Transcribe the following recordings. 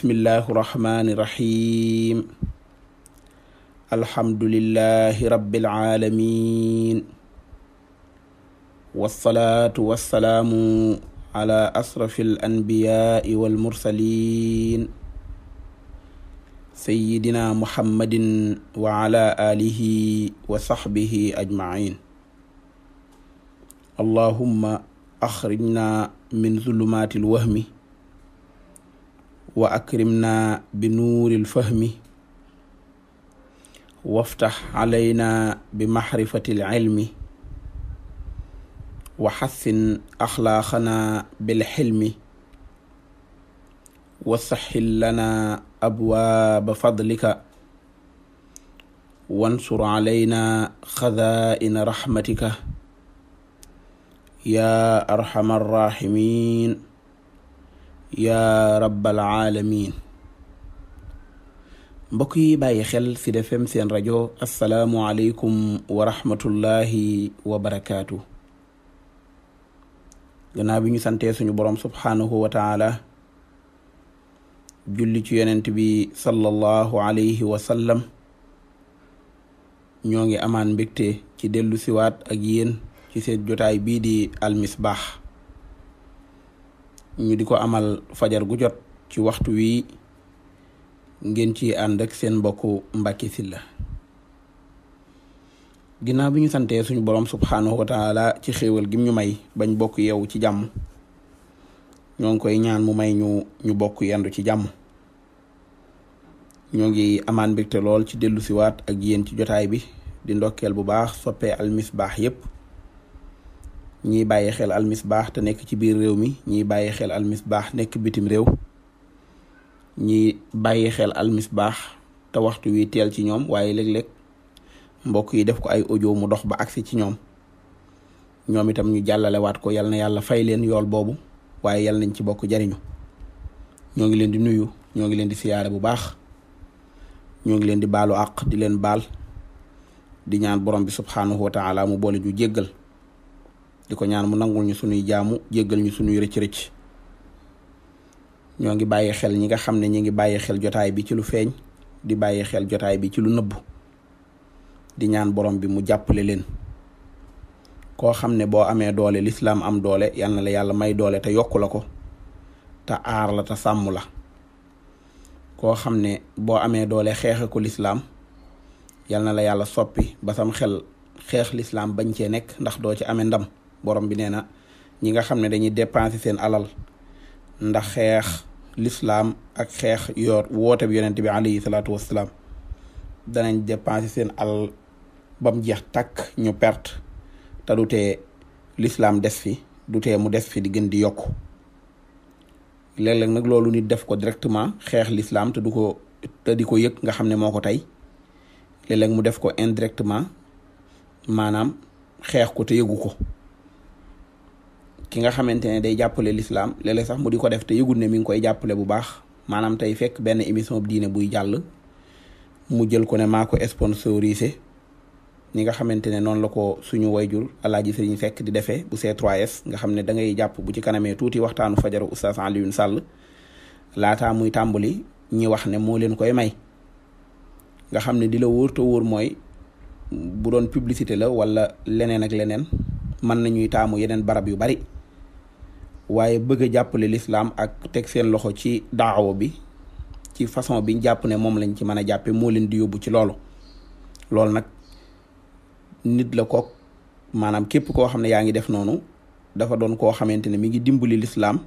bismillahi rahmaani rahiim alhamdulillahi rabbil aalamiin wassalaatu wassalaamu ala asrafil anbiyaai wal mursaliin sayyidina muhammadin wa ala alihi wa saxbihi ajmain allahumma axrijna min zulumaati lwahmi wa akrimna bi nuuril fahmi waftax alayna bi maxrifatil ilmi wa xassin axlaaqana bil xilmi wa saxil lana abwaaba fadlika wansur alayna xazaa'ina raxmatika yaa arxama arraximin yaa rabbal aalamiin mbokk yi bàyyi xel Sud seen rajo asalaamualeykum wa rahmatullahi wa barakaatu. gannaaw bi ñu santee suñu borom subhaanahu wa taala julli ci yonent bi sallallahu alayhi wa sallam ñoo ngi amaan mbégte ci dellu siwaat ak yéen ci seen jotaay bii di almisbaax ñu di ko amal fajar gu jot ci waxtu wi ngeen ci ànd ak seen mbokku Mbacke Sylla ginnaaw bi ñu santee suñu borom subhanahu wa ci xéewal gim ñu may bañ bokk yeewu ci jàmm ñoo ngi koy ñaan mu may ñu ñu bokk yendu ci jàmm ñoo ngi amaan lool ci dellu siwaat ak yéen ci jotaay bi di ndokkeel bu baax soppee almisbaax yépp ñiy bàyyi xel almisbaax te nekk ci biir réew mi ñiy bàyyi xel almisbaax nekk bitim réew ñiy bàyyi xel almisbaax te waxtu wi teel ci ñoom waaye léeg-léeg mbokk yi def ko ay audio mu dox ba agsi ci ñoom ñoom itam ñu jàllale waat ko yal na yàlla fay leen yool boobu waaye yal nañ ci bokk jariñu ñoo ngi leen di nuyu ñoo ngi leen di siyaare bu baax ñoo ngi leen di baalo àq di leen baal di ñaan borom bi subxanahu wa ta'ala mu boole ju jéggal. di ko ñaan mu nangul ñu sunuy jaamu jéggal ñu sunuy rëcc-rëcc ñoo ngi bàyyi xel ñi nga xam ne ñi ngi bàyyi xel jotaay bi ci lu feeñ di bàyyi xel jotaay bi ci lu nëbb di ñaan borom bi mu jàppale leen koo xam ne boo amee doole lislaam am doole yal na la yàlla may doole te yokku la ko te aar la te sàmm la koo xam ne boo amee doole xeexe lislaam yal na la yàlla soppi ba sam xel xeex lislaam bañ cee nekk ndax doo ci amee ndam borom bi nee na ñi nga xam ne dañuy dépenser seen alal ndax xeex lislaam ak xeex yoor woote bi yonent bi alayhi salaatu wassalaam danañ dépenser seen alal ba mu jeex takk ñu perte te du tee lislaam des fi du tee mu des fi di gën di yokku léeg-léeg nag loolu nit def ko directement xeex lislaam te du ko di ko yëg nga xam ne moo ko tey léeg-léeg mu def ko indirectement maanaam xeex ko te yëgu ko ki nga xamante ne day jàppale lislaam léeg sax mu di ko def te yëgul ne mi ngi koy jàppale bu baax maanaam tey fekk benn émission diine buy jàll mu jël ko ne maako ko sponsorisé ñi nga xamante ne noonu la ko suñu jur wayjur alaaji sëriñ fekk di defee bu C3S nga xam ne da ngay jàpp bu ci kanamee tuuti waxtaanu fajaru oustaz Alioune Sall laataa muy tàmbali ñi wax ne moo leen koy may nga xam ne di la wóor te mooy bu doon publicité la wala leneen ak leneen mën nañuy taamu barab yu bari waaye bëgg a jàppale lislaam ak teg seen loxo ci daawa bi ci façon biñ jàpp ne moom lañ ci mën a jàppe moo leen di yóbbu ci loolu loolu nag nit la ko maanaam képp koo xam ne yaa ngi def noonu dafa doon koo xamante ne mi ngi dimbali lislaam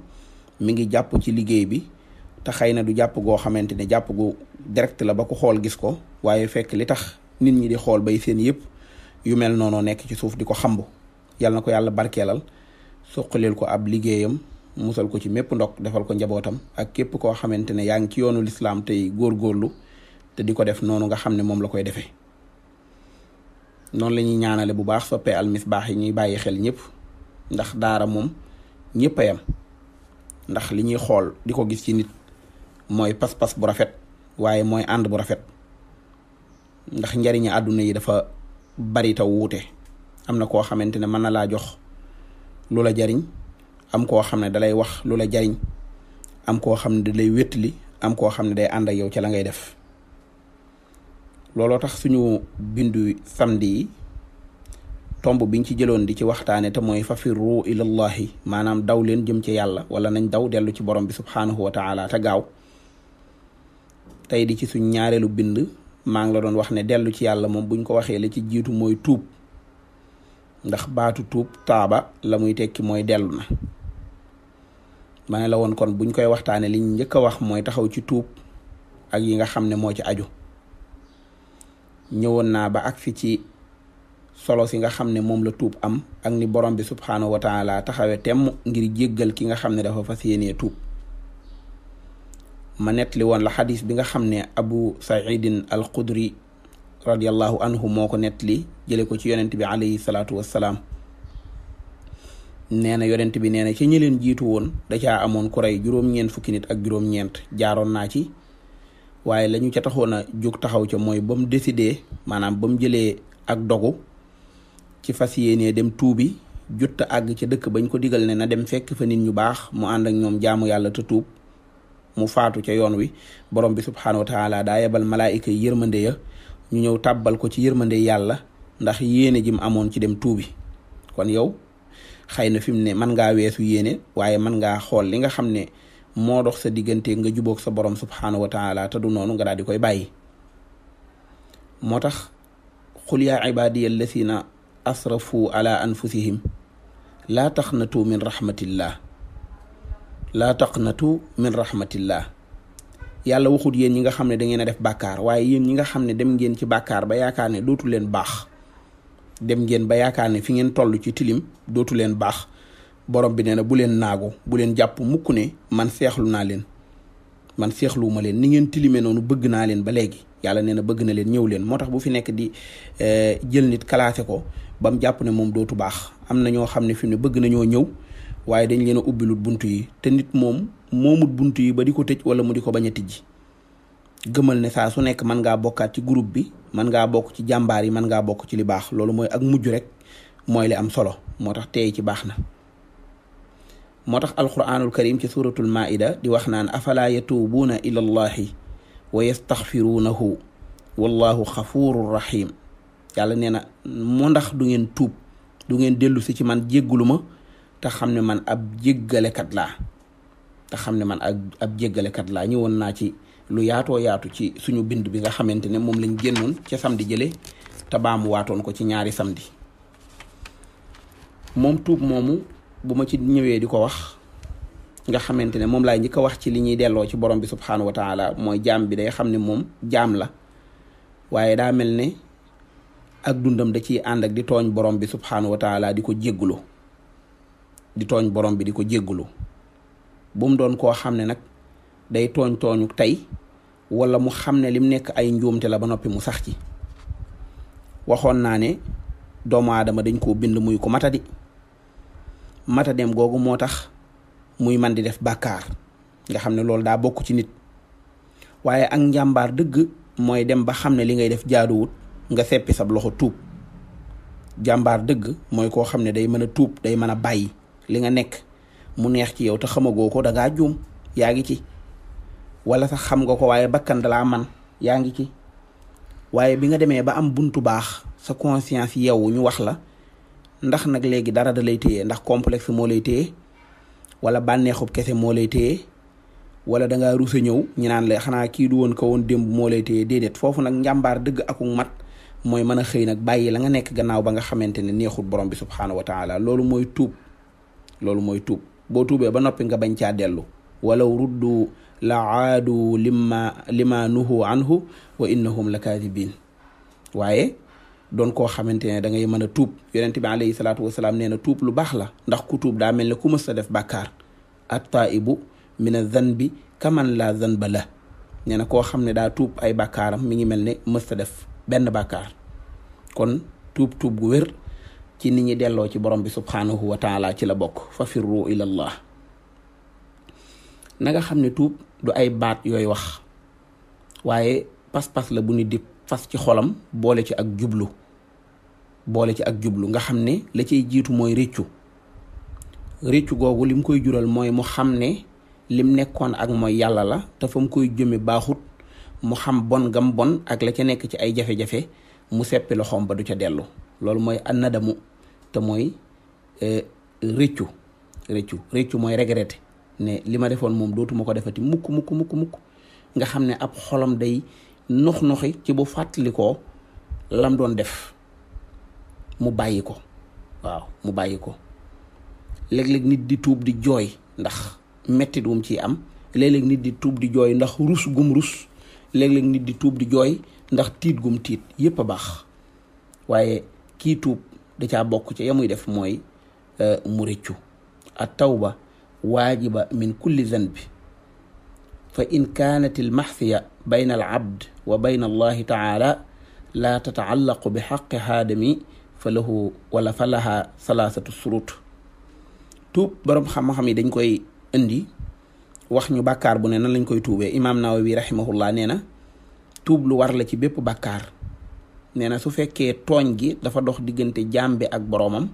mi ngi jàpp ci liggéey bi te xëy na du jàpp goo xamante ne jàpp gu direct la ba ko xool gis ko waaye fekk li tax nit ñi di xool bay seen yëpp yu mel noonu nekk ci suuf di ko xambu yal na ko yàlla barkeelal suqalil ko ab liggéeyam musal ko ci mépp ndok defal ko njabootam ak képp koo xamante ne yaa ngi ci yoonu lislaam tey góor góorlu te di ko def noonu nga xam ne moom la koy defee noonu la ñuy ñaanale bu baax soppee Al Misbah yi ñuy bàyyi xel ñëpp ndax daara moom ñëpp a yam ndax li ñuy xool di ko gis ci nit mooy pas-pas bu rafet waaye mooy ànd bu rafet ndax njariñi àdduna yi dafa bari taw wuute am na koo xamante ne mën na laa jox lu la jariñ am koo xam ne dalay wax lu la jariñ am koo xam ne dalay wétli am koo xam ne day ànd ak yow ci la ngay def looloo tax suñu bindu samedi yi tomb biñ ci jëloon di ci waxtaane te mooy fafirru ilallahi maanaam daw leen jëm ci yàlla wala nañ daw dellu ci borom bi subhaanahu wa taala te gaaw tey di ci suñ ñaareelu bind maa ngi la doon wax ne dellu ci yàlla moom buñ ko waxee la ci jiitu mooy tuub ndax baatu tuub taaba la muy tekki mooy dellu na ma la woon kon buñ koy waxtaanee liñ njëkk a wax mooy taxaw ci tuub ak yi nga xam ne moo ci aju ñëwoon naa ba ak fi ci solo si nga xam ne moom la tuub am ak ni borom bi subxanahu wa taala taxawee temm ngir jéggal ki nga xam ne dafa fas yéenee tuub ma nettali woon la xadis bi nga xam ne Abu Saïdin al Qudri radiallahu anhu moo ko nettali jële ko ci yonent bi alayhi salaatu wassalaam nee na yonent bi nee na ci ñi leen jiitu woon da caa amoon ku rey juróom-ñeent fukki nit ak juróom-ñeent jaaroon naa ci waaye lañu ca taxoon a jóg taxaw ca mooy ba mu maanaam ba mu jëlee ak dogu ci fas yéenee dem tuubi jutta àgg ca dëkk bañ ko digal ne na dem fekk fa nit ñu baax mu ànd ñoom jaamu yàlla te tuub mu faatu ca yoon wi borom bi subxanahu wa taala daa yebal malaayika ñu ñëw tàbbal ko ci yërmande yàlla ndax yéene ji mu amoon ci dem tuubi kon yow xëy na fi mu ne mën ngaa weesu yéene waaye mën ngaa xool li nga xam ne moo dox sa diggante nga jubóog sa borom subhaanahu wa taala te du noonu nga daal di koy bàyyi moo tax xul yaa ibaadiya allasina asrafu ala anfusihim laa taqnatu min rahmatillah laa taqnatu min rahmatillah yàlla waxut yéen ñi nga xam ne da ngeen a def bàkkaar waaye yéen ñi nga xam ne dem ngeen ci bàkkaar ba yaakaar ne dootu leen baax dem ngeen ba yaakaar ne fi ngeen tollu ci tilim dootu leen baax borom bi nee na bu leen naagu bu leen jàpp mukk ne man seexlu naa leen man seexluwuma leen ni ngeen tilime noonu bëgg naa leen ba léegi yàlla nee na bëgg na leen ñëw leen moo tax bu fi nekk di eh, jël nit kalaase ko ba jàpp ne moom dootu baax am na ñoo xam ne fi mu bëgg nañoo ñëw waaye dañ leen bunt yi te nit moom moo mut bunt yi ba di ko tëj wala mu di ko bañ a tijji gëmal ne saa su nekk mën ngaa bokkaat ci groupe bi mën ngaa bokk ci jàmbaar yi man ngaa bokk ci li baax loolu mooy ak mujj rek mooy li am solo moo tax teey ci baax na moo tax alquranul karim ci suratul maida di wax naan afalaa yatuubuuna ila allahi wa yastaxfiruunahu wallahu xafurur rahim yàlla nee na mu ndax du ngeen tuub du ngeen dellu si ci man jéggulu ma te xam ne man ab jéggalekat laa xam ne man ak ab jéggalekat laa ñëwoon naa ci lu yaatoo yaatu ci suñu bind bi nga xamante ne moom lañ génnoon ca samedi jële te baamu waatoon ko ci ñaari samedi moom tuub moomu bu ma ci ñëwee di ko wax nga xamante ne moom laay njëkk a wax ci li ñuy delloo ci borom bi subxanahu wa taala mooy jaam bi day xam ne moom jaam la waaye daa mel ne ak dundam da ciy ànd ak di tooñ borom bi subxanahu wa taala di ko jéggulu di tooñ borom bi di ko jéggulu bu mu doon koo xam ne nag day tooñ tooñu tey wala mu xam ne lim nekk ay njuumte la ba noppi mu sax ci waxoon naa ne doomu aadama dañ koo bind muy ko matadi matadeem googu moo tax muy man di def bàkkaar nga xam ne loolu daa bokk ci nit waaye ak njàmbaar dëgg mooy dem ba xam ne li ngay def jaaduwut nga seppi sab loxo tuub jàmbaar dëgg mooy koo xam ne day mën a tuub day mën a bàyyi li nga nekk mu neex ci yow te xamagoo ko da juum yaa ngi ci wala sax xam nga ko waaye bakkan dalaa man yaa ngi ci waaye bi nga demee ba am buntu baax sa conscience yow ñu wax la ndax nag léegi dara da lay téye ndax complexe moo lay téye wala bànneexub kese moo lay téye wala da ngaa rusa ñëw ñu naan lay xanaa kii du woon ko woon démb moo lay téye déedéet foofu nag njàmbaar dëgg akuk mat mooy mën a xëy nag bàyyi la nga nekk gannaaw ba nga xamante ne neexul borom bi subxanahu wa taala loolu mooy tuub loolu mooy tuub. boo tuubee ba noppi nga bañ caa dellu wala ruddu la aadu lima lima nuhu anhu wa innahum la kaadibin waaye doon koo xamante ne da ngay mën a tuub yonente bi alayhi salaatu wasalaam nee na tuub lu baax la ndax ku tuub daa mel ne ku mës a def bàkkaar at taibu min a kaman la zanba la nee na koo xam ne daa tuub ay bàkkaaram mi ngi mel ne mës a def benn bàkkaar kon tuub tuub gu wér ci nit ñi delloo ci borom bi subhaanahu wa taala ci la bokk fa firru ilallah na nga xam ne tuub du ay baat yooy wax waaye pas-pas la bu nit di fas ci xolam boole ci ak jublu boole ci ak jublu nga xam ne la ciy jiitu mooy réccu réccu googu lim koy jural mooy mu xam ne lim nekkoon ak mooy yàlla la te fa mu koy jëme baaxut mu xam bon gam bon ak la ca nekk ci ay jafe-jafe mu seppi loxoom ba du ca dellu loolu mooy annadamu te mooy euh, rëccu rëccu rëccu mooy regretter ne li ma defoon moom dootuma ko defati mukk mukk mukk mukk nga xam ne ab xolam day nox noxi ci bu fàttalikoo lam doon def mu bàyyi ko waaw mu bàyyi ko léeg-léeg nit di tuub di jooy ndax mettit wum ciy am léeg-léeg nit di tuub di jooy ndax rus gum rus léeg-léeg nit di tuub di jooy ndax tiit gum tiit yépp a baax waaye kii tuub da caa bokk ci ya def mooy euh, mu rëccu at tawba waajiba min kulli zanbi fa in kaanat al mahsiya bayna al abd wa bayna allahi bi xaqi haadami fa wala fa lahaa salaasatu surut tuub boroom xam-xam yi dañ koy indi wax ñu bàkkaar bu ne nan lañ koy tuubee imaam nawawi rahimahullah nee na tuub lu war la ci bépp bakkaar nee na su fekkee tooñ gi dafa dox diggante jaam bi ak boroomam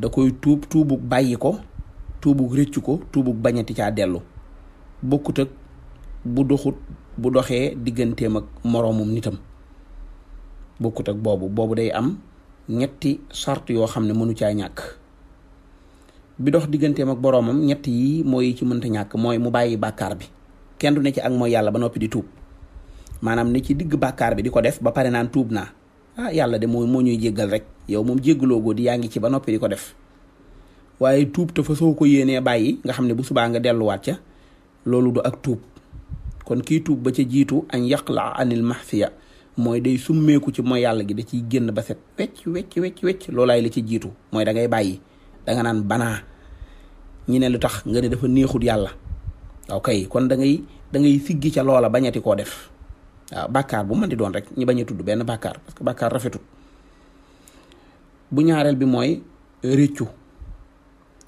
da koy tuub tuubug bàyyi ko tuubug rëccu ko tuubu bañati caa dellu bokkut ak bu doxut bu doxee digganteem ak moroomum nitam bokkut ak boobu boobu day am ñetti sart yoo xam ne mënu caa ñàkk bi dox digganteem ak boroomam ñett yii mooy ci mënta ñàkk mooy mu bàyyi bàkkaar bi kenn du ne ci ak mooy yàlla ba noppi di tuub maanaam ne ci digg bàkkaar bi di ko def ba pare naan tuub naa ah yàlla de moo moo ñuy jéggal rek yow moom jéggaloo di yaa ngi ci ba noppi di ko def waaye tuub te ko yéenee bàyyi nga xam ne bu subaa nga delluwaat ca loolu du ak tuub kon kii tuub ba ca jiitu an yaqla àndil mahfiya mooy day summeeku ci mooy yàlla gi da ciy génn ba set wecc wecc wecc wecc loolaay la ci jiitu mooy dangay bàyyi da nga naan banaa ñi ne lu tax nga ne dafa neexut yàlla ok kon da ngay da ngay siggi ca loola bañati koo def waaw ah, bàkkaar bu man di doon rek ñi bañ a tudd benn bàkkaar parce que bàkkaar rafetul bu ñaareel bi mooy réccu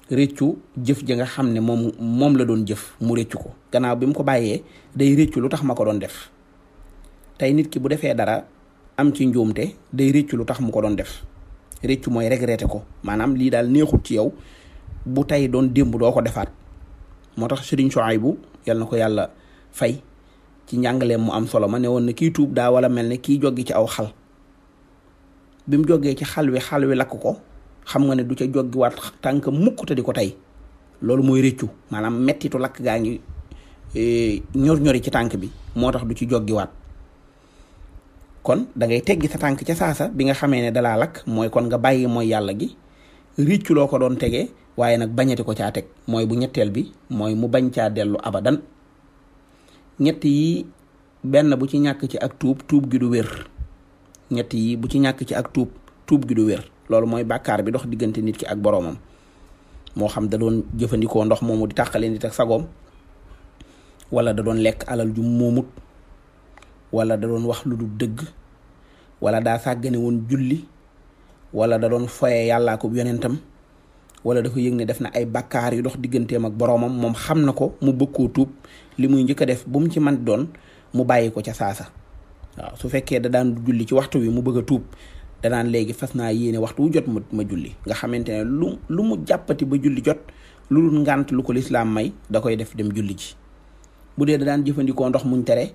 réccu jëf ji nga xam ne moom moom la doon jëf mu réccu ko gannaaw bi mu ko bàyyee day réccu lu tax ma ko doon def tey nit ki bu defee dara am ci njuumte day réccu lu tax mu ko doon def réccu mooy regretté ko maanaam lii daal neexut ci yow bu tey doon démb doo ko defaat moo tax Sëriñ Suwaybu yal na ko yàlla fay ci njàngaleem mu am solo ma ne woon ne kii tuub daa wala mel ne kii joggi ci aw xal bi mu jógee ci xal wi xal wi lakk ko xam nga ne du ca joggiwaat tànk mukk ko tey loolu mooy rëccu maanaam mettitu lakk gaa ngi e, ñor-ñori ci tànk bi moo tax du ci joggiwaat kon dangay ngay teggi sa tànk ca saasa bi nga xamee ne dalaa lakk mooy kon nga bàyyi mooy yàlla gi ricculoo ko doon tegee waaye nag bañati ko caa teg mooy bu ñetteel bi mooy mu bañ caa dellu abadan ñett yi benn bu ci ñàkk ci ak tuub tuub gi du wér ñett yi bu ci ñàkk ci ak tuub tuub gi du wér loolu mooy bàkkaar bi ndox diggante nit ci ak boroomam moo xam da doon jëfandikoo ndox moomu di tàqale nit ak sagoom wala da lekk alal ju moomut wala da doon wax lu du dëgg walla daa sàggane woon julli wala da doon foye yàllaa ko yonentam wala dafa yëg ne def na ay bakkaar yu ndox digganteem ak boroomam moom xam na ko mu bëggoo tuub li muy njëkk a def bu mu ci man doon mu bàyyi ko ca saasa waaw su fekkee da daan julli ci waxtu wi mu bëgg a tuub da daan léegi fas naa yéene waxtu wu jot ma ma julli nga xamante ne lu lu mu jàppati ba julli jot lu dul ngànt lu ko lislaam may da koy def dem julli ji bu dee da daan jëfandikoo ndox muñ tere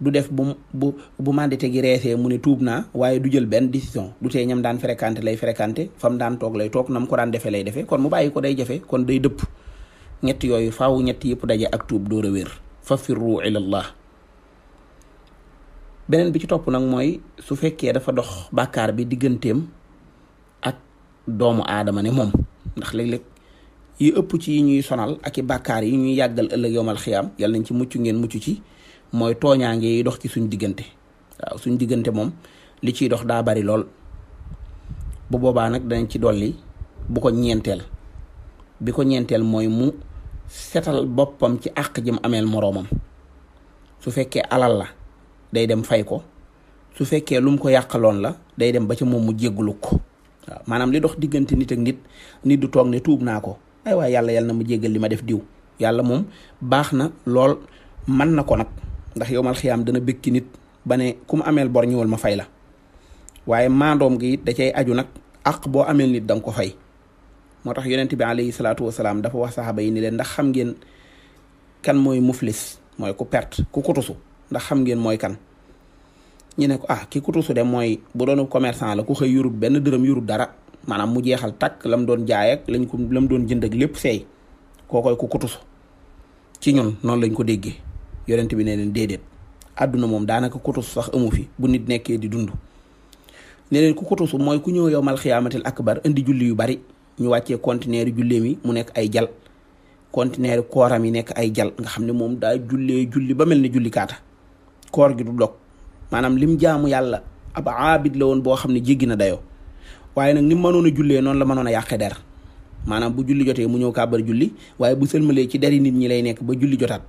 du def bu bu bu mandité gi reesee mu ne tuub naa waaye du jël benn décision du tee ñam daan fréquenté lay fréquenté fam daan toog lay toog nam ko daan defee lay defe kon mu bàyyi ko day jafe kon day dëpp ñett yooyu faw ñetti yëpp daje ak tuub dóor wér fa firru ilallah beneen bi ci topp nag mooy su fekkee dafa dox bàkkaar bi digganteem ak doomu aadama ne moom ndax léeg-léeg yi ëpp ci yi ñuy sonal ak i bàkkaar yi ñuy yàggal ëllëg yowmal xiyaam yàlla nañ ci mucc ngeen mucc ci mooy tooñaange yi dox ci suñ diggante waaw suñ diggante moom li ciy dox daa bari lool bu boobaa nag danañ ci dolli bu ko ñeenteel bi ko ñeenteel mooy mu setal boppam ci àq jëm ameel moroomam su fekkee alal la day dem fay ko su fekkee lu mu ko yàqaloon la day dem ba ca moom mu jéggulu ko maanaam li dox diggante nit ak nit nit du toog ne tuub naa ko ay waay yàlla yàlla na mu jéggal li ma def diw yàlla moom baax na lool mën na ko nag ndax yowmal xiyaam dana bëkki nit ba ne ku mu ameel bor ñëwal ma fay la waaye maandoom gi it da cay aju nag àq boo ameel nit da ko fay moo tax yonent bi alayhi salaatu wasalaam dafa wax saxaaba yi ni leen ndax xam ngeen kan mooy muflis mooy ku perte ku kutusu ndax xam ngeen mooy kan ñu ne ko ah ki kutusu de mooy bu doon commerçant la ku xëy yurut benn dërëm yurut dara maanaam mu jeexal takk lam doon jaay lañ ko lam doon jënd ak lépp seey kookoy ku kutusu ci noonu lañ ko déggee yonent bi ne leen déedéet àdduna moom daanaka kutus sax amu fi bu nit nekkee di dund ne leen ku kutusu mooy ku ñëw yow mal ak bar indi julli yu bari ñu wàccee conteneur julleem mi mu nekk ay jal conteneur kooram yi nekk ay jal nga xam ne moom daa jullee julli ba mel ne julli kaata koor gi du dog maanaam lim jaamu yàlla ab aabid la woon boo xam ne jéggi na dayoo waaye nag ni mu mënoon a jullee noonu la mënoon a yàqe der maanaam bu julli jotee mu ñëw kàbbar julli waaye bu sëlmalee ci deri nit ñi lay nekk ba julli jotaat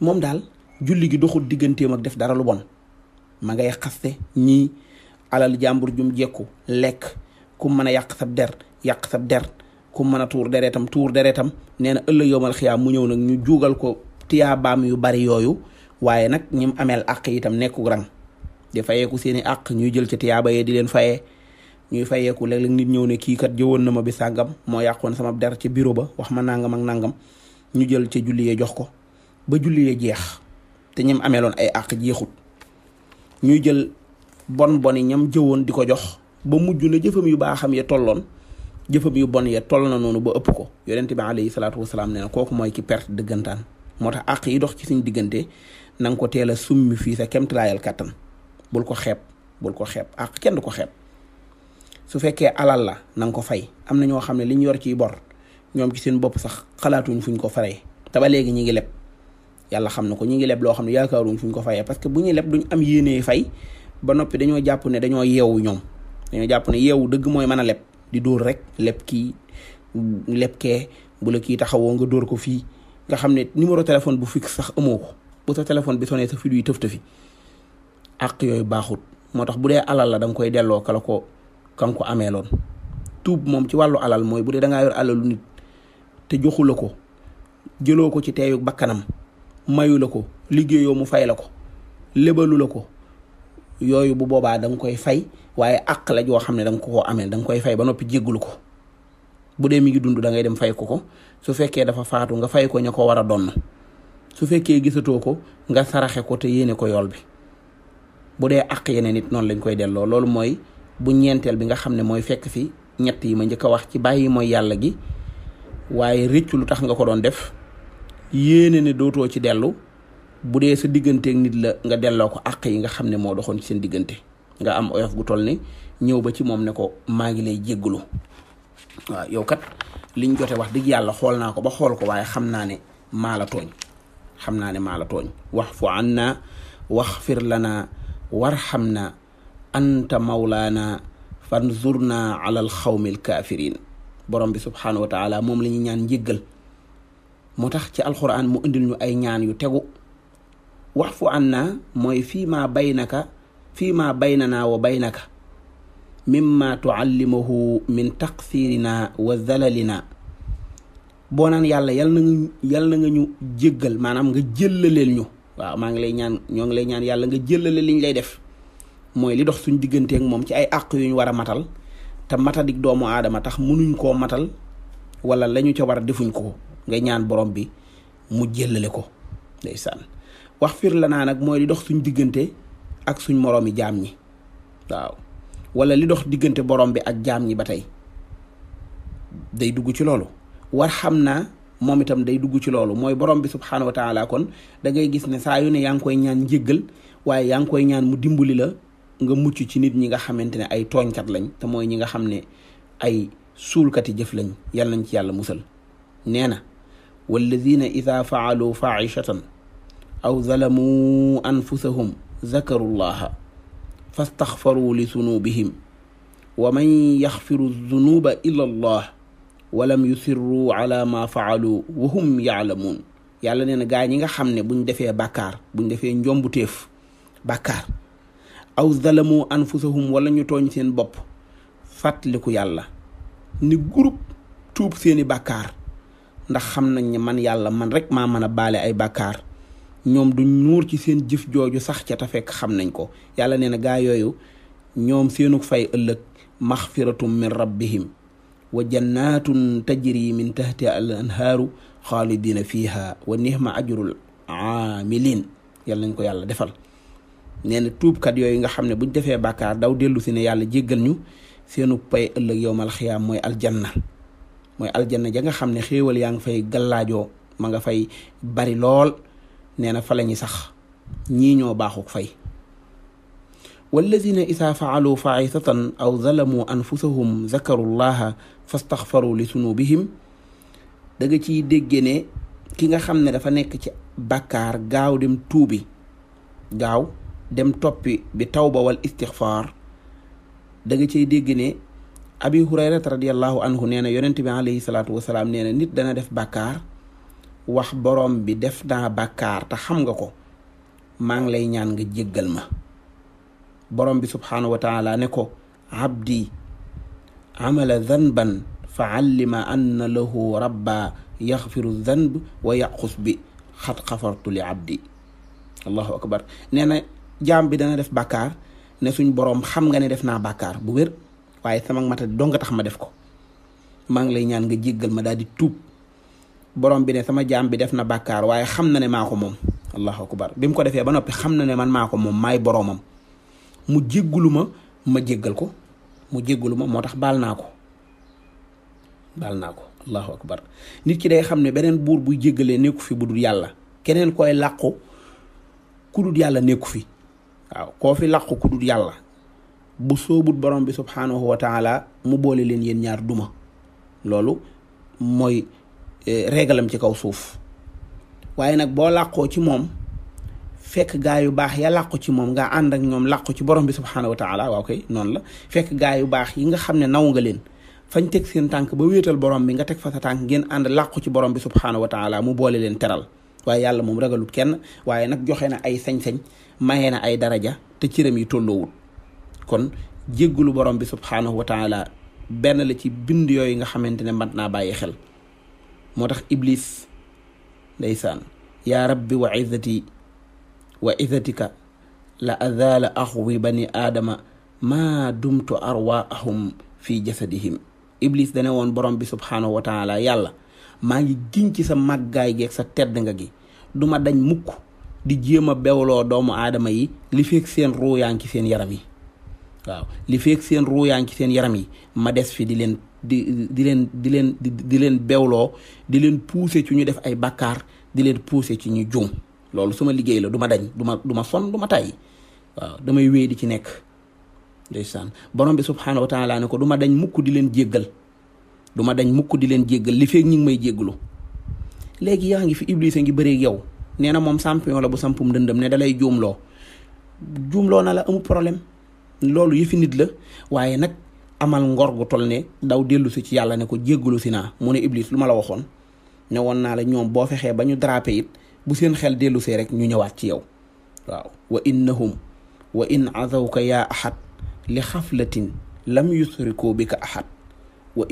moom daal julli gi doxul digganteem ak def dara lu bon ma ngay xaste ñii alal jàmbur jum jekku lekk ku mën a yàq sab der yàq sab der ku mën a tuur dereetam tuur dereetam nee na ëllëg yowmal xiyaam mu ñëw nag ñu juugal ko tiyaabaam yu bari yooyu waaye nag ñim ameel àq itam nekku rang di fayeeku seeni àq ñuy jël ca tiyaaba yee di leen fayee ñuy fayeeku léeg-léeg nit ñëw ne kii kat jëwoon na ma bi sàngam moo yàqoon sama der ci bureau ba wax ma nàngam ak nangam ñu jël ca julli jox ko ba julli ya jeex te ñam ameeloon ay àq jeexut ñuy jël bon boni ñam jëwoon di ko jox ba mujj na jëfam yu xam ya tolloon jëfam yu bon ya toll na noonu ba ëpp ko yonent bi alayhi salaatu nee na kooku mooy ki perte dëggantaan moo tax àq yi dox ci suñ diggante na nga ko teel a summi fii sa kemtalaayal kàttan bul ko xeeb bul ko xeeb àq kenn du ko xeeb su fekkee alal la na ko fay am na ñoo xam ne li ñu yor ciy bor ñoom ci seen bopp sax xalaatuñ fuñ ko faree te ba léegi ñu ngi leb yàlla xam na ko ñu ngi leb loo xam ne yaakaaruñ fuñ ko fayee parce que bu ñuy leb duñ am yéenee fay ba noppi dañoo jàpp ne dañoo yeewu ñoom dañoo jàpp ne yeewu dëgg mooy man a leb di dóor rek leb kii leb kee bu la kii taxawoo nga dóor ko fii nga xam ne numéro téléphone bu fikk sax amoo ko bu sa téléphone bi sonné sa fi luy tëf tëfi ak yooyu baaxut moo tax bu dee alal la danga koy delloo kala ko ka ko amee loon tuub moom ci wàllu alal mooy bu dee da ngaa yor alalu te joxu ko jëloo ko ci teeyu bakkanam mayu la ko liggéeyoo mu fay la ko lébalu la ko yooyu bu boobaa da koy fay waaye àq la joo xam ne danga nga koo amee da koy fay ba noppi jéggulu ko bu dee mi ngi dund da ngay dem fay ko ko su fekkee dafa faatu nga fay ko ña ko war a donn su fekkee gisatoo ko nga saraxe ko te yéene ko yool bi bu dee àq yeneen nit noonu lañ koy delloo loolu mooy bu ñeenteel bi nga xam ne mooy fekk fi ñett yi ma njëkk a wax ci bàyyi mooy yàlla gi waaye rëccu lu tax nga ko doon def yéene ne dootoo ci dellu bu dee sa diggante nit la nga delloo ko àq yi nga xam ne moo doxoon ci seen diggante nga am oyof gu toll ne ñëw ba ci moom ne ko maa ngi lay jéggalu waaw yow kat liñ jote wax digg yàlla xool naa ko ba xool ko waaye xam naa ne maa la tooñ xam naa ne maa la tooñ wax xam na waxfir lana warhamna anta mawlaana na alal alxawmi alkaafiriin borom bi subhaanahu wa taala moom la ñaan njéggal moo tax ci alxuraan mu indil ñu ay ñaan yu tegu wax fu an naa mooy fii maa baynaka fii maa baynanaa wa baynaka mimma tuallimuhu min taqsirina wa zalalina boo naan yàlla yal na nga yal na nga ñu jéggal maanaam nga jëllaleel ñu waaw maa ngi lay ñaan ñoo ngi lay ñaan yàlla nga jëllale liñ lay def mooy li dox suñ digganteek moom ci ay àq yuñ war a matal te matadik doomu aadama tax mënuñ koo matal wala lañu ca war a defuñ ko nga ñaan borom bi mu jëllale ko ndeysaan wax fir la naa nag mooy li dox suñ diggante ak suñ moroomi jaam ñi waaw wala li dox diggante borom bi ak jaam ñi ba tey day dugg ci loolu war xam naa moom itam day dugg ci loolu mooy borom bi subxanahu wa taala kon dangay ngay gis ne saa yu ne yaa ngi koy ñaan njéggal waaye yaa ngi koy ñaan mu dimbali la nga mucc ci nit ñi nga xamante ne ay tooñkat lañ te mooy ñi nga xam ne ay suulkati jëf lañ yàlla nañ ci yàlla musal nee na. walladina ida faalu faishatan aw zalamuu anfusahum zakaru llaha fastaxfaru li zunubihim wa man yaxfiru zunuba illa allah walam yusirru ala ma faalu wahum yaalamuun yàlla nee na gaa ñi nga xam ne buñ defee bàkkaar buñ defee njombuteef bàkkaar aw zalamu anfusahum wala ñu tooñ seen bopp fàttaliku yàlla ni groupe tuub seeni bàkkaar ndax xam nañ ne man yàlla man rek maa mën a baale ay bàkkaar ñoom du ñuur ci seen jëf jooju sax ca te fekk xam nañ ko yàlla nee na gaa yooyu ñoom seenu fay ëllëg maxfiratum min rabbihim wa jannatun tajri min tahti al anhaaru xaalidina fiha wa nihma ajrul aamilin yàlla nañ ko yàlla defal nee na tuubkat yooyu nga xam ne buñ defee bàkkaar dellu si ne yàlla jéggal ñu seenu pay ëllëg yowmal xiyaam mooy aljanna mooy aljanna ja nga xam ne xéewal yaa ngi fay gallaajoo ma nga fay bari lool nee na fa la ñuy sax ñii ñoo baaxuk fay walladina isaa faalu faisatan aw zalamu anfusahum zakaru llaha fastaxfaru li sunubihim da nga ciy dégge ne ki nga xam ne dafa nekk ci bàkkaar gaaw dem tuubi gaaw dem toppi bi tawba wal istixfaar da nga ciy dégg ne abi hurayrat radiallahu anhu nee na yonent bi alayhi salaatu wasalaam nee nit dana def bàkkaar wax borom bi def naa bàkkaar te xam nga ko maa ngi lay ñaan nga jéggal ma borom bi subhaanahu wa taala ne ko abdi amala zanban fa allima anna lahu rabba yaxfiru zanb wa yaqus bi xat xafartu li abdi allahu akbar nee na jaam bi dana def bàkkaar ne suñ borom xam nga ne def naa bàkkaar bu wér waaye sama mata dong nga tax ma def ko maa ngi lay ñaan nga jéggal ma daal di tuub borom bi ne sama jaam bi def na bàkkaar waaye xam na ne maa ko moom allahu akbar bi mu ko defee ba noppi xam na ne man maa ko moom maay boromam mu jéggalu ma ma jéggal ko mu jéggalu ma moo tax baal naa ko baal naa ko allahu akbar nit ki day xam ne beneen buur buy jéggalee nekku fi bu dul yàlla keneen koy làqu ku dul yàlla nekku fi waaw koo fi làqu ku dul yàlla bu soobut borom bi subhaanahu wa taala mu boole leen yéen ñaar duma loolu mooy eh, régalam ci kaw suuf waaye nag boo làqoo ci moom fekk gaa yu baax ya làqu ci moom nga ànd ak ñoom làqu ci borom bi subhaanahu wa taala waaw kay noonu la fekk gaa yu baax yi nga xam ne naw nga leen fañ teg seen tànk ba wéetal borom bi nga teg fa sa tànk ngeen ànd làqu ci borom bi subhaanahu wa taala mu boole leen teral waaye yàlla moom ragalut kenn waaye nag joxee na ay sañ-sañ maye na ay daraja te rem yi tolloowut kon jéggulu borom bi subhaanahu wa taala benn la ci bind yooyu nga xamante ne mat naa bàyyi xel moo tax iblis ndeysaan yaa rabbi wa izzati wa izzatika la azala axwi bani aadama maa dumtu arwaahum fi jasadihim iblis dane woon borom bi subhaanahu wa taala yàlla maa ngi giñ ci sa màggaay geeg sa tedd nga gi duma dañ mukk di jéem a bewloo doomu aadama yi li feeg seen ruu yaa ngi ci seen yaram yi waaw li feeg seen ruuyaa ci seen yaram yi ma des fi di leen di di leen di leen di leen bewloo di leen pousser ci ñu def ay bakkaar di leen pousser ci ñu juum loolu suma liggéey la du ma dañ du ma du ma son du ma tàyyi damay wéy di ci nekk ndeysaan borom bi subhaanahu wa laa ne ko du ma dañ mukk di leen jéggal du ma dañ mukk di leen jéggal li feeg ñi ngi may jéggalu léegi yaa ngi fi iblis ngi bëreeg yow nee na moom champion la bu sampum dëndëm ne dalay juumloo juumloo na la amul problème loolu yëfi nit la waaye nag amal ngor gu toll ne daw dellu ci yàlla ne ko jéggalu si naa mu ne Iblis lu ma la waxoon ne naa la ñoom boo fexee ba ñu drapé it bu seen xel dellusee see rek ñu ñëwaat ci yow waaw wa innahum wa in azawka yaa ahad li xaflatin lam yusriku bika ahad wa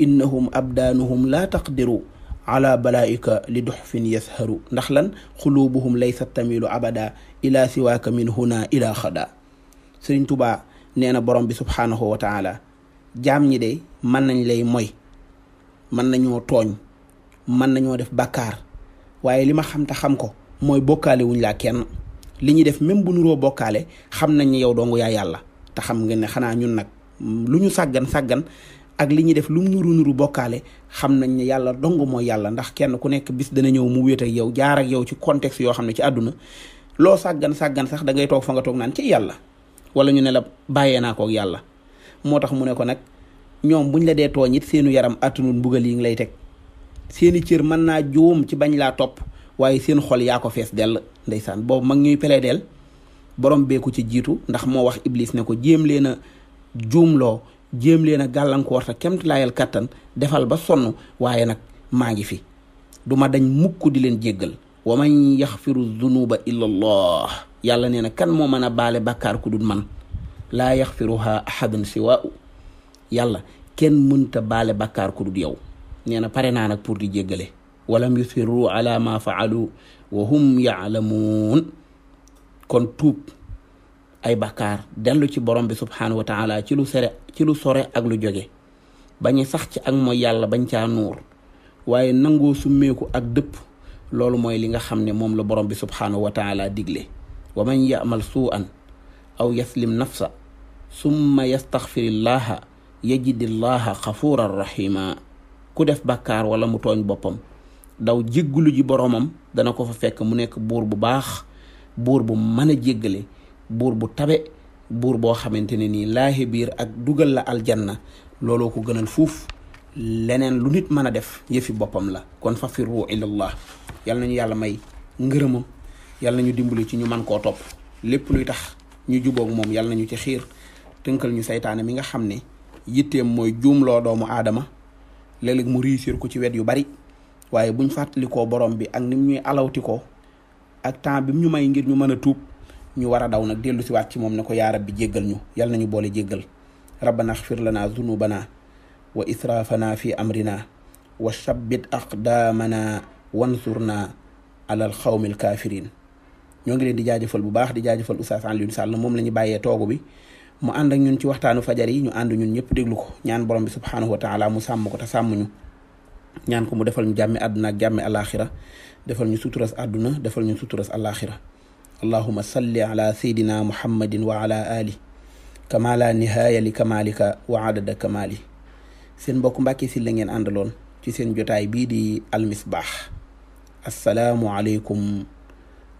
abdaanuhum laa taqdiru ala balaika li duxfin yasharu ndax lan xulubuhum laysa tamilu abada ila siwaaka min huna ila xada Sëriñ Tuubaa nee na borom bi subhaanahu wa taala jaam ñi de mën nañ lay moy mën nañoo tooñ mën nañoo def bàkkaar waaye li ma xam te xam ko mooy bokkaale wuñ laa kenn li ñuy def même bu nuroo bokkaale xam nañ yow dongu yaa yàlla te xam nga ne xanaa ñun nag mm, lu ñu sàggan sàggan ak li ñuy def lu mu nuru nuru bokkaale xam nañ ne yàlla dong mooy yàlla ndax kenn ku nekk bis dana ñëw mu wéet ak yow jaar yow ci contexte yoo xam ne ci àdduna loo sàggan sàggan sax da ngay toog fa nga toog naan ci yàlla wala ñu ne la bàyyee naa kook yàlla moo tax mu ne ko nag ñoom buñ la dee tooñ it seenu yaram attanul mbugal yi ngi lay teg seeni cër mën naa juum ci bañ laa topp waaye seen xol yaa ko fees dell ndeysaan boobu mag ñuy pelee del borom beeku ci jiitu ndax moo wax iblis ne ko jéem leen a juumloo jéem leen a gàllankoor te kemt kàttan defal ba sonn waaye nag maa ngi fi duma dañ mukk di leen jéggal wa man yaxfiru dunuba illa yàlla nee na kan moo mën a baale bàkkaar ku dul man laa yaxfiruha ahadan siwaa yàlla kenn mënta baale bàkkaar ku dul yow nee na pare naa nag pour di jéggale walam yusirru ala fa faalu wa hum yaalamuun kon tuub ay bàkkaar dellu ci borom bi subhanahu wa ci lu sore ak lu joge bañu sax ci ak mooy yàlla bañ caa nuur waaye nangoo summeeku ak dëpp loolu mooy li nga xam ne moom la borom bi subhanahu wa taala digle wa man ya'mal suu'an aw yaslim nafsa summa yastaxfirillaha yajidillaha xafuuran rahima ku def bàkkaar wala mu tooñ boppam daw jéggulu ji boroomam dana ko fa fekk mu nekk buur bu baax buur bu mën a jéggale buur bu tabe buur boo xamante ne nii laahi biir ak dugal la aljanna looloo ko gënal fuuf leneen lu nit mën a def yëfi boppam la kon fa firru ilallah yal nañu yàlla may ngërëmam yàlla nañu dimbali ci ñu man koo topp lépp luy tax ñu jubook moom yàlla nañu ci xiir tënkal ñu seytaane mi nga xam ne yitteem mooy juumloo doomu aadama léeg mu réussir ko ci wet yu bari waaye buñ fàttalikoo borom bi ak nim ñuy alawti ko ak temps bi ñu may ngir ñu mën a tuub ñu war a daw nag dellu siwaat ci moom ne ko yaa rabbi jéggal ñu yàlla nañu boole jéggal rabbana xfir lana zunubana wa israfana fi amrina wa shabbit aqdamana wansurna ala alxawmi alkafirin ñoo ngi leen di jaajëfal bu baax di jaajëfal Oustaz Alioune Sall moom la ñu bàyyee toogu bi mu ànd ak ñun ci waxtaanu fajar yi ñu ànd ñun ñëpp déglu ko ñaan borom bi subhaanahu wa taala mu sàmm ko te sàmm ñu ñaan ko mu defal ñu jàmmi àdduna ak jàmmi alaxira defal ñu suturas àdduna defal ñu suturas alaxira allahuma salli ala sayidina muhammadin wa ala ali kama la nihaaya li kamalika wa adada kamali seen mbokk si Sylla ngeen àndaloon ci seen jotaay bii di almisbaax asalaamu aleykum